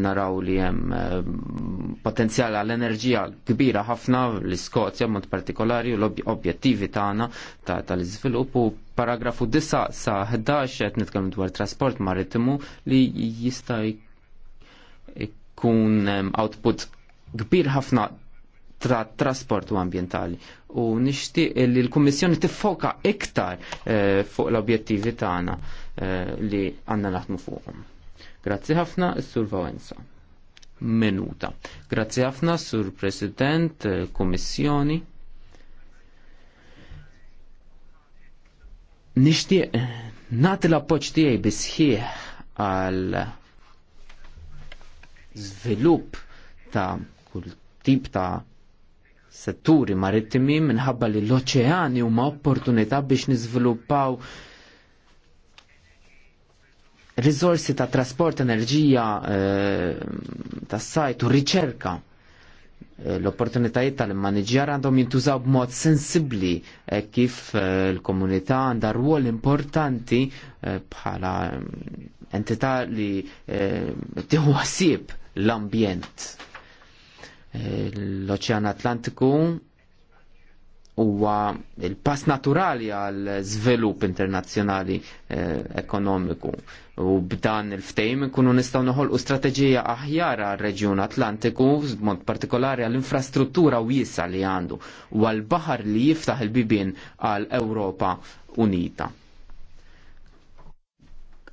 naraw li hemm potenzjal għal enerġija kbira ħafna l-Iskozja mod partikolari u l-objettivi tagħna tal-iżvilupp u paragrafu 9 sa 11 qed nitkellmu dwar trasport marittimu li jista' kun output kbir ħafna tra trasport u ambientali u nixtieq li l kommissjoni tiffoka iktar eh, fuq l-objettivi tagħna eh, li għandna naħdmu fuqhom. Grazzi ħafna, Sur Vawenza. Minuta. Grazzi ħafna, Sur President, eh, Kommissjoni. Nixtieq nagħti l-appoġġ tiegħi bisħieħ għal żvilupp ta' kull tip ta' setturi marittimi minħabba li l-oċeani huma opportunità biex niżviluppaw risorsi ta' trasport, enerġija eh, ta' sajt u riċerka eh, l-opportunitajiet tal-manager għandhom jintużaw b'mod sensibbli e kif eh, l-komunità għandha rwol importanti bħala mm, entità li tieħu ħsieb l-ambjent. Eh, L-Oċean Atlantiku huwa il-pass naturali għal żvilupp internazzjonali eh, ekonomiku u b'dan il-ftejm ikunu nistgħu noħolqu strateġija aħjar għal reġjun Atlantiku b'mod partikolari għall infrastruttura wiesa li għandu u għal baħar li jiftaħ il-bibien għal Ewropa Unita.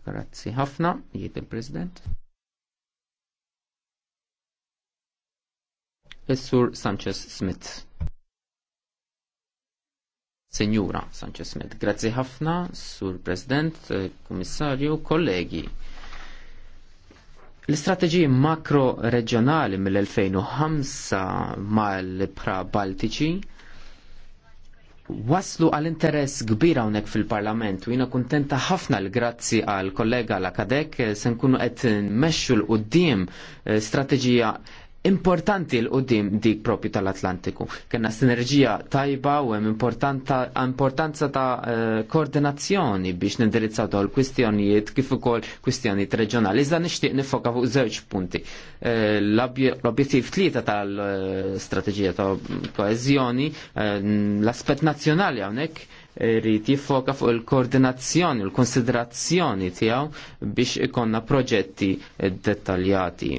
Grazzi ħafna, jiet il-President. Is-Sur Sanchez Smith. Senjura Sanchez Smith. Grazzi ħafna, Sur President, eh, Kummissarju, kollegi. L-istrateġiji makro-reġjonali mill-2005 mal-pra Baltiċi waslu għal interess kbira hawnhekk fil-Parlament u jiena kuntenta ħafna l grazzi għal kollega l-Akadek eh, se nkunu qed nmexxu l qudiem eh, strateġija importanti l-qoddim dik propju tal-Atlantiku. Kenna sinerġija tajba u hemm importanza ta' eh, koordinazzjoni biex nindirizzaw dawn l kwistjonijiet kif ukoll kwistjonijiet reġjonali. Iżda nixtieq nifoka fuq żewġ punti. Eh, l-objettiv tlieta tal-strateġija ta' koeżjoni, eh, l-aspett nazzjonali hawnhekk rrit jiffoka fuq il-koordinazzjoni, il-konsiderazzjoni tiegħu biex ikonna proġetti dettaljati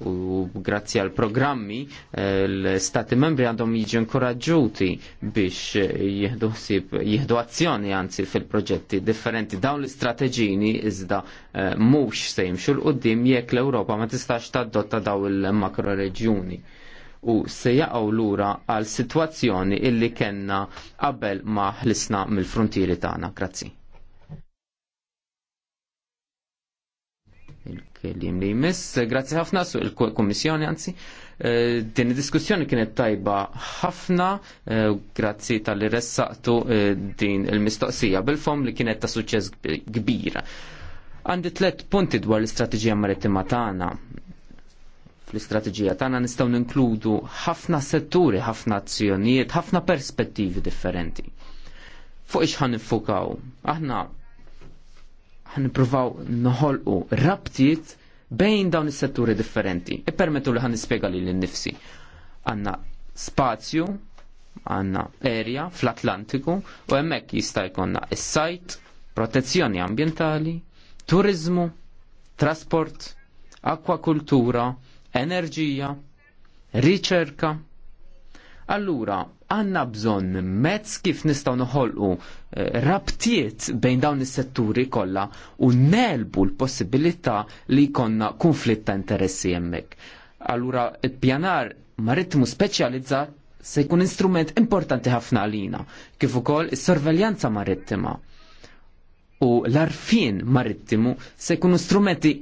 u grazzi għal programmi eh, l-stati membri għandhom jiġu inkoraġġuti biex eh, jihdu, jieħdu azzjoni anzi fil-proġetti differenti dawn l-istrateġini iżda eh, mhux se jimxu l-qoddim jekk l-Ewropa ma tistax tadotta daw il-makro reġjuni u se jaqgħu lura għal sitwazzjoni illi kellna qabel ma ħlisna mill-frontieri tagħna. Grazzi. li jimli li jmiss. Grazzi ħafna su il-Kommissjoni, anzi, eh, din diskussjoni kienet tajba ħafna, eh, grazzi tal-li ressaqtu eh, din il-mistoqsija bil-fom li kienet ta' suċċess kbira. Għandi tlet punti dwar l-istrateġija marittima tagħna fl-istrateġija tagħna nistgħu ninkludu ħafna setturi, ħafna azzjonijiet, ħafna perspettivi differenti. Fuq ix ħan nifukaw? Aħna ħanipruvaw noħolqu rabtiet bejn dawn is-setturi differenti. Ippermettu li ħan nispjega li l-nifsi. Għanna spazju, għanna area fl-Atlantiku u hemmhekk jista' jkollna is-sajt, protezzjoni ambientali, turizmu, trasport, akwakultura, enerġija, riċerka. Allura, għanna bżonn mezz kif nistgħu noħolqu Eh, rabtiet bejn dawn is-setturi kollha u nelbu l-possibilità li jkollna konflitt ta' interessi hemmhekk. Allura il-pjanar marittimu speċjalizzat se jkun instrument importanti ħafna għalina, kif ukoll is-sorveljanza marittima. U l-arfin marittimu se jkunu strumenti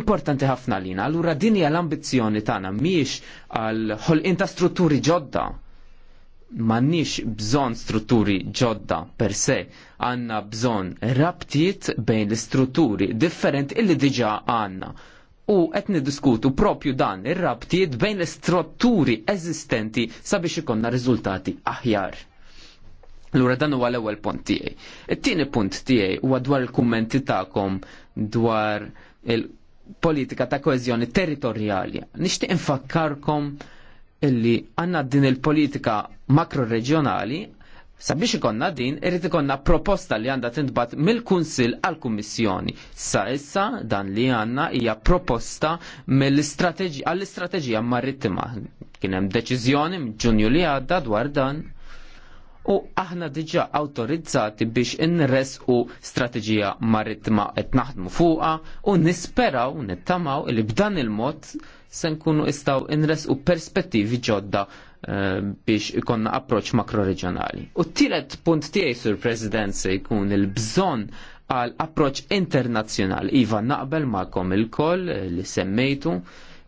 importanti ħafna għalina. Allura din hija l-ambizzjoni tagħna mhijiex għal ħolqien ta' strutturi ġodda mannix bżon strutturi ġodda per se, għanna bżon rabtiet bejn l-strutturi different illi diġa għanna. U qed niddiskutu propju dan ir-rabtiet bejn l-strutturi eżistenti sabiex ikonna riżultati aħjar. Lura dan huwa l-ewwel punt tiegħi. It-tieni punt tiegħi huwa dwar il-kummenti tagħkom dwar il-politika ta' koeżjoni territorjali. Nixtieq infakkarkom illi għanna din il-politika makroreġjonali sabiex ikonna din irrid ikonna proposta li għandha tintbat mill-Kunsill għal kummissjoni Sa issa dan li għandna hija proposta għall-istrateġija marittima. Kien hemm deċiżjoni ġunju li għadda dwar dan u aħna diġa autorizzati biex inres u strategija maritma qed naħdmu fuqha u nisperaw nittamaw li b'dan il-mod se nkunu istaw inres u perspettivi ġodda eh, biex ikonna approċ makroreġjonali. U t-tielet punt tiegħi sur President se jkun il-bżonn għal approċ internazzjonali. Iva naqbel ma'kom il-koll eh, li semmejtu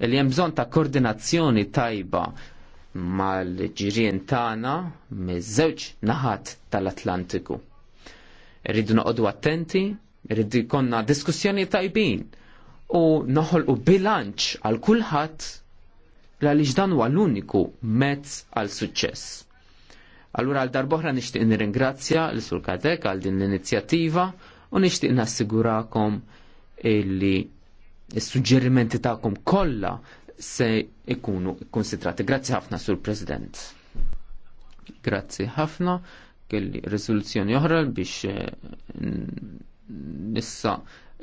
li hemm bżonn ta' koordinazzjoni tajba mal-ġirien tagħna miż-żewġ naħat tal-Atlantiku. Irridu noqogħdu attenti, rridu konna diskussjoni tajbin u u bilanċ għal kulħadd għaliex dan huwa l-uniku mezz għal suċċess. Allura għal darboħra nixtieq nirringrazzja l sur Kadek għal din l-inizjattiva u nixtieq nassigurakom illi s-suġġerimenti tagħkom kollha se ikunu konsidrati. Grazzi ħafna sur President. Grazzi ħafna kelli riżoluzzjoni oħra biex eh, nissa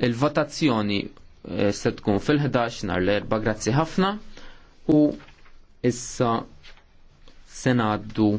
il-votazzjoni Eh, se tkun fil-11 nar l-erba grazzi ħafna u issa senaddu